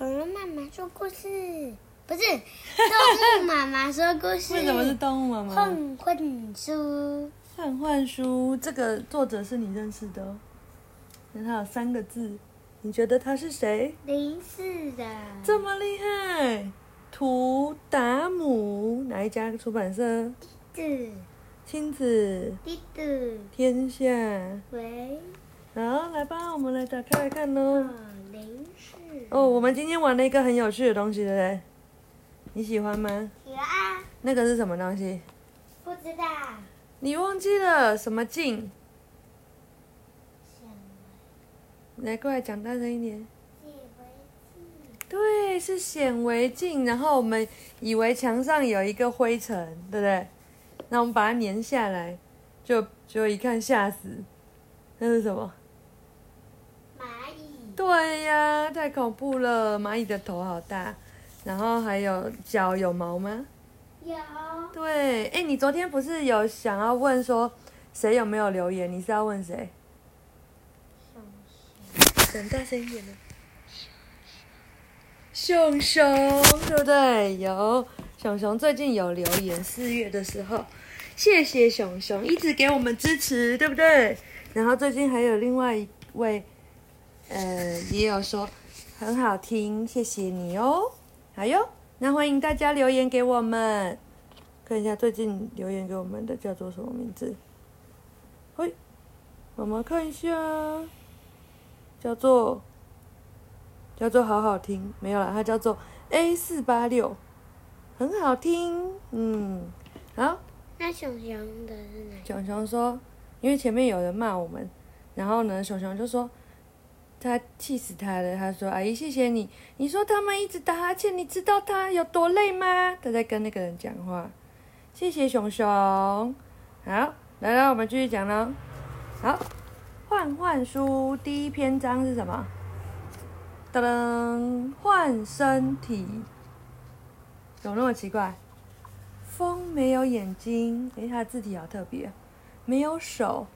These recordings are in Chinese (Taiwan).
哦、媽媽動物媽媽說故事，不是動物媽媽說故事。為什麼是動物媽媽？換換書，換換書，這個作者是你認識的哦。那他有三個字，你覺得他是誰？林世仁。這麼厲害？圖達姆？哪一家出版社？親子。親子。親子。天下。喂。好，來吧，我們來打開來看嘍。嗯沒事哦，我們今天玩了一個很有趣的東西對不對？你喜歡嗎？喜歡。那個是什麼東西？不知道。你忘記了什麼鏡？顯微。你來過來講大聲一點。顯微鏡。對，是顯微鏡。然後我們以為牆上有一個灰塵，對不對？那我們把它粘下來，就就一看嚇死，那是什麼？對呀，太恐怖了！螞蟻的頭好大，然後還有腳有毛嗎？有。對，哎，你昨天不是有想要問說，誰有沒有留言？你是要問誰？熊熊，等大聲一點呢。熊熊，對不對？有，熊熊最近有留言，四月的時候，謝謝熊熊一直給我們支持，對不對？然後最近還有另外一位。呃，也有說很好聽，謝謝你哦，好喲。那歡迎大家留言給我們，看一下最近留言給我們的叫做什麼名字？喂，我們看一下，叫做叫做好好聽。沒有啦，它叫做 A 四八六，很好聽，嗯，好。那熊熊的是哪？熊熊說，因為前面有人罵我們，然後呢，熊熊就說。他氣死他了，他說：“阿姨，謝謝你。你說他們一直打哈欠，你知道他有多累嗎？”他在跟那個人講話。謝謝熊熊。好，來來，我們繼續講了。好，換換書，第一篇章是什麼？噔噔，換身體。怎麼那麼奇怪？風沒有眼睛，哎，他的字體好特別啊，沒有手。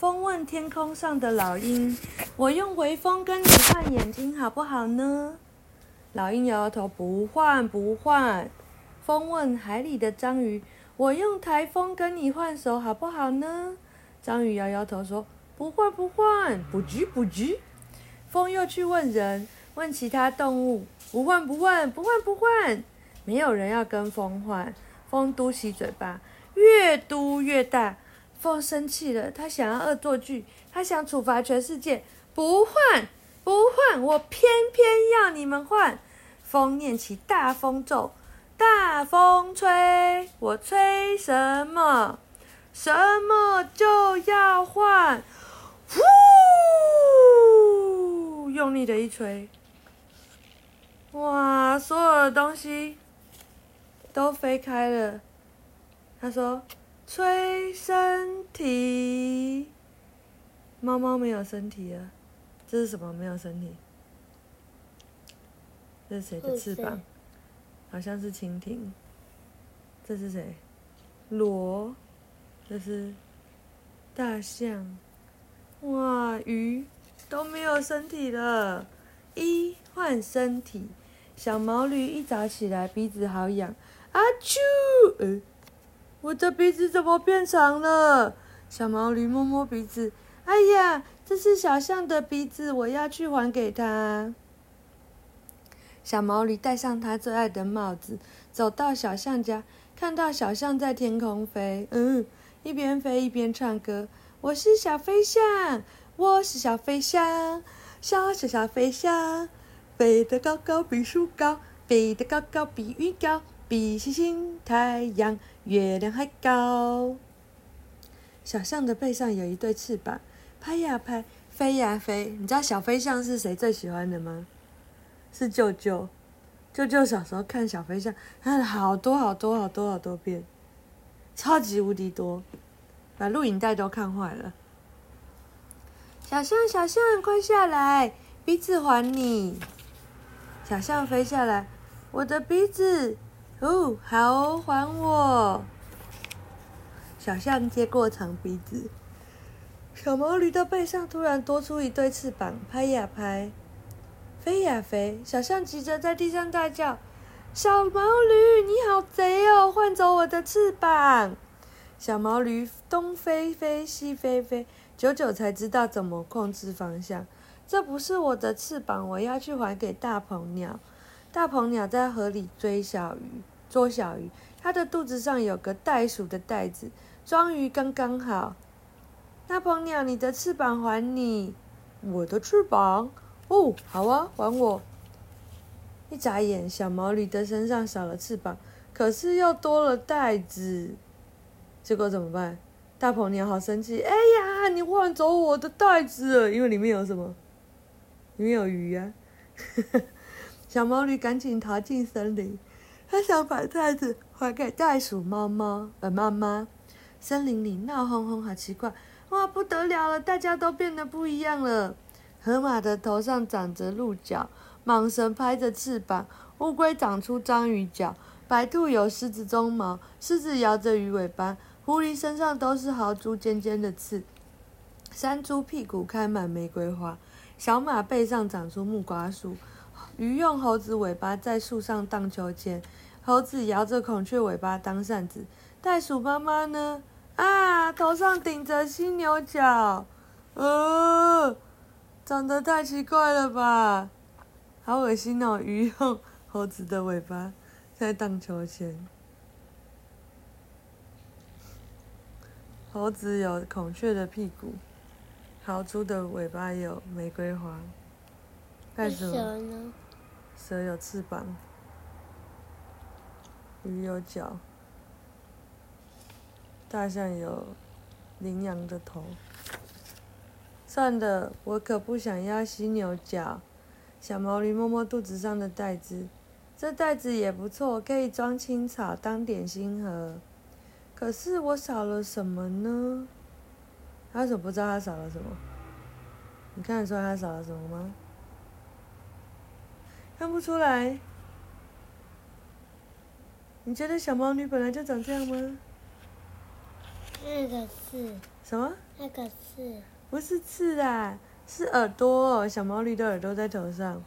風問天空上的老鷹：“我用微風跟你換眼睛，好不好呢？”老鷹搖搖頭：“不換，不換。”風問海裡的章魚：“我用台風跟你換手，好不好呢？”章魚搖搖搖頭說：“不換，不換，不局，不局。不”風又去問人，問其他動物：“不換，不換，不換，不換，不換。”沒有人要跟風換，風嘟起嘴巴，越嘟越大。風生氣了，他想要惡作劇，他想處罰全世界，不換不換，我偏偏要你們換。風念起大風咒，大風吹，我吹什麼，什麼就要換。呼，用力的一吹，哇，所有的東西都飛開了。他說。吹身體，貓貓沒有身體了，啊。這是什麼？沒有身體？這是誰的翅膀？好像是蜻蜓。這是誰？螺。這是大象。哇，魚都沒有身體了。一、換身體，小毛驢一早起來鼻子好癢，啊，阿啾！我的鼻子怎麼變長了？小毛驢摸摸鼻子，哎呀，這是小象的鼻子，我要去還給他。小毛驢戴上它最愛的帽子，走到小象家，看到小象在天空飛，嗯，一邊飛一邊唱歌。我是小飛象，我是小飛象，小小小飛象，飛得高高比樹高，飛得高高比魚高。比星星、太陽、月亮還高。小象的背上有一對翅膀，拍呀拍，飛呀飛。你知道小飛象是誰最喜歡的嗎？是舅舅。舅舅小時候看小飛象，看了好多好多好多好多遍，超級無敵多，把錄影帶都看壞了。小象，小象，快下來，鼻子還你。小象飛下來，我的鼻子。哦，好，還我！小象接過長鼻子。小毛驢的背上突然多出一對翅膀，拍呀拍，飛呀飛。小象急着在地上大叫：“小毛驢，你好賊哦，換走我的翅膀！”小毛驢東飛飛，西飛飛，久久才知道怎麼控制方向。這不是我的翅膀，我要去還給大鵬鳥。大鵬鳥在河裡追小魚。捉小魚，它的肚子上有個袋鼠的袋子，裝魚剛剛好。大鵬鳥，你的翅膀還你，我的翅膀哦，好啊，還我。一眨眼，小毛驢的身上少了翅膀，可是又多了袋子，結果怎麼辦？大鵬鳥好生氣，哎呀，你換走我的袋子了，因為裡面有什麼？裡面有魚呀、啊。 小毛驢趕緊逃進森林。他想把袋子還給袋鼠貓貓而、呃、媽媽。森林裡鬧哄哄，好奇怪！哇，不得了了，大家都變得不一樣了。河馬的頭上長着鹿角，蟒蛇拍着翅膀，烏龜長出章魚腳，白兔有獅子鬃毛，獅子搖着魚尾巴，狐狸身上都是豪豬尖尖的刺，山豬屁股開滿玫瑰花，小馬背上長出木瓜樹。魚用猴子尾巴在樹上盪秋千，猴子搖着孔雀尾巴當扇子，袋鼠媽媽呢？啊，頭上頂着犀牛角，呃、啊，長得太奇怪了吧，好噁心哦！魚用猴子的尾巴在荡秋千，猴子有孔雀的屁股，豪豬的尾巴有玫瑰花，袋鼠呢？蛇有翅膀，魚有腳，大象有羚羊的頭。算了，我可不想要犀牛角。小毛驢摸摸肚子上的袋子，這袋子也不錯，可以裝青草，當點心盒。可是我少了什麼呢？他怎麼不知道他少了什麼？你看得出他少了什麼嗎？看不出來，你覺得小毛驢本來就長這樣嗎？那個刺。什麼？那個刺。不是刺啊，是耳朵。小毛驢的耳朵在頭上。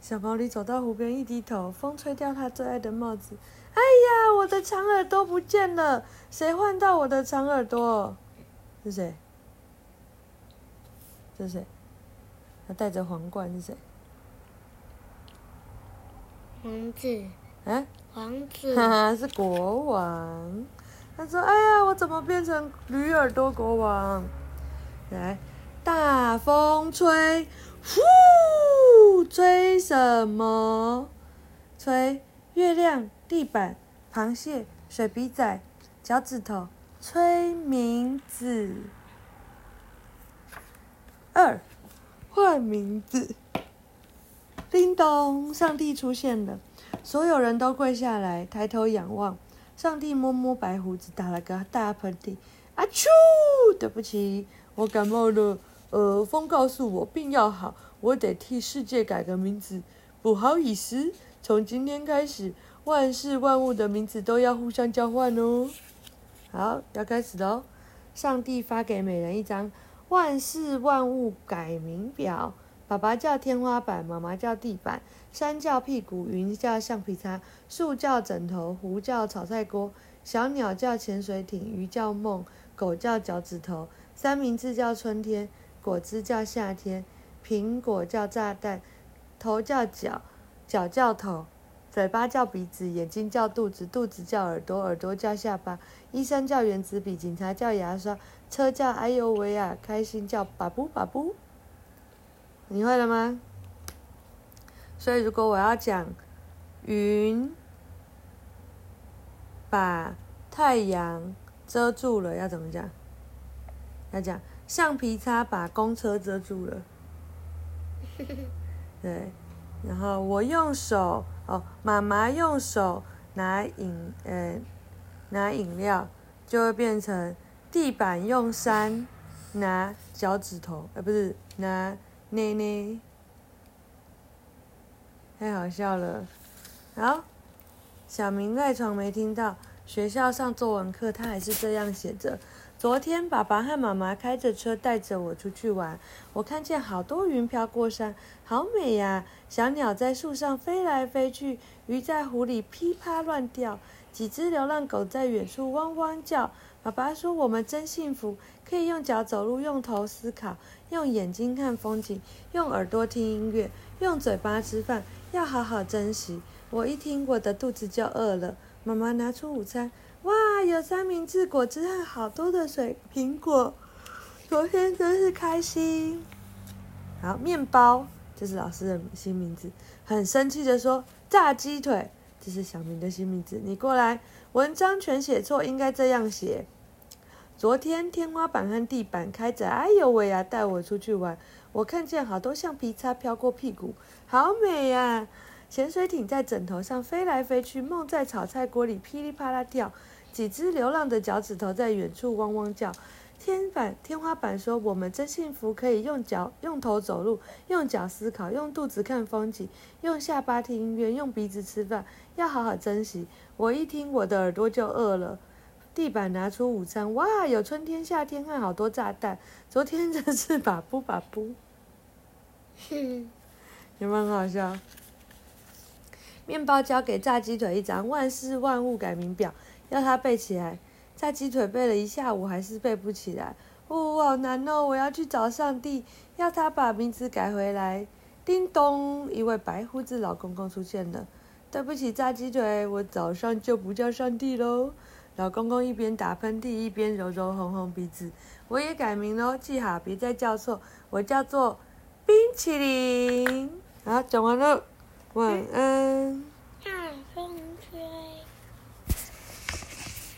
小毛驢走到湖邊，一低頭，風吹掉它最愛的帽子。哎呀，我的長耳朵不見了！誰換到我的長耳朵？是誰？是誰？他戴着皇冠是誰？王子，哎、啊，王子，哈哈，是國王。他說：“哎呀，我怎麼變成驢耳朵國王？”來，大風吹，呼，吹什麼？吹月亮、地板、螃蟹、水筆仔、腳趾頭，吹名字。二，換名字。叮咚！上帝出現了，所有人都跪下來，抬頭仰望。上帝摸摸白胡子，打了個大噴嚏：“阿丘，對不起，我感冒了。呃，風告訴我病要好，我得替世界改個名字。不好意思，從今天開始，萬事萬物的名字都要互相交換哦。好，要開始咯。上帝發給每人一張萬事萬物改名表。”爸爸叫天花板，媽媽叫地板，山叫屁股，雲叫橡皮擦，樹叫枕頭，湖叫炒菜鍋，小鳥叫潛水艇，魚叫夢，狗叫腳趾頭，三明治叫春天，果汁叫夏天，蘋果叫炸彈，頭叫腳，腳叫頭，嘴巴叫鼻子，眼睛叫肚子，肚子叫耳朵，耳朵叫下巴，醫生叫原子筆，警察叫牙刷，車叫哎呦喂啊，開心叫巴布巴布。你會了嗎？所以如果我要講雲把太陽遮住了，要怎麼講？要講橡皮擦把公車遮住了。對，然後我用手哦，媽媽用手拿飲呃拿飲料，就會變成地板用山拿腳趾頭，而、呃、不是拿。呢呢，太好笑了。好，小明賴床沒聽到。學校上作文課，他還是這樣寫着：昨天，爸爸和媽媽開着車帶着我出去玩。我看見好多雲飄過山，好美呀，啊！小鳥在樹上飛來飛去，魚在湖裡噼啪亂跳，幾隻流浪狗在遠處汪汪叫。爸爸說：“我們真幸福，可以用腳走路，用頭思考。”用眼睛看風景，用耳朵聽音樂，用嘴巴吃飯，要好好珍惜。我一聽，我的肚子就餓了。媽媽拿出午餐，哇，有三明治、果汁和好多的水果、蘋果。昨天真是開心。好，麵包，這是老師的新名字。很生氣的說，炸雞腿，這是小明的新名字。你過來，文章全寫錯，應該這樣寫。昨天天花板和地板開着，哎呦喂呀！帶我出去玩，我看見好多橡皮擦飄過屁股，好美呀！潛水艇在枕頭上飛來飛去，夢在炒菜鍋裡噼里啪啦跳，幾隻流浪的腳趾頭在遠處汪汪叫。天板天花板說：“我們真幸福，可以用腳、用頭走路，用腳思考，用肚子看風景，用下巴聽音樂，用鼻子吃飯。要好好珍惜。”我一聽，我的耳朵就餓了。地板拿出午餐，哇，有春天、夏天，看好多炸彈。昨天真是把噗把噗，嘿 有沒有很好笑？麵包交給炸雞腿一張，《萬事萬物改名表》，要他背起來。炸雞腿背了一下午，還是背不起來。哦，好難哦！我要去找上帝，要他把名字改回來。叮咚，一位白鬍子老公公出現了。對不起，炸雞腿，我早上就不叫上帝嘍。老公公一邊打噴嚏一邊揉揉紅紅鼻子，我也改名嘍，記好，別再叫錯，我叫做冰淇淋。好，講完了，晚安。嗯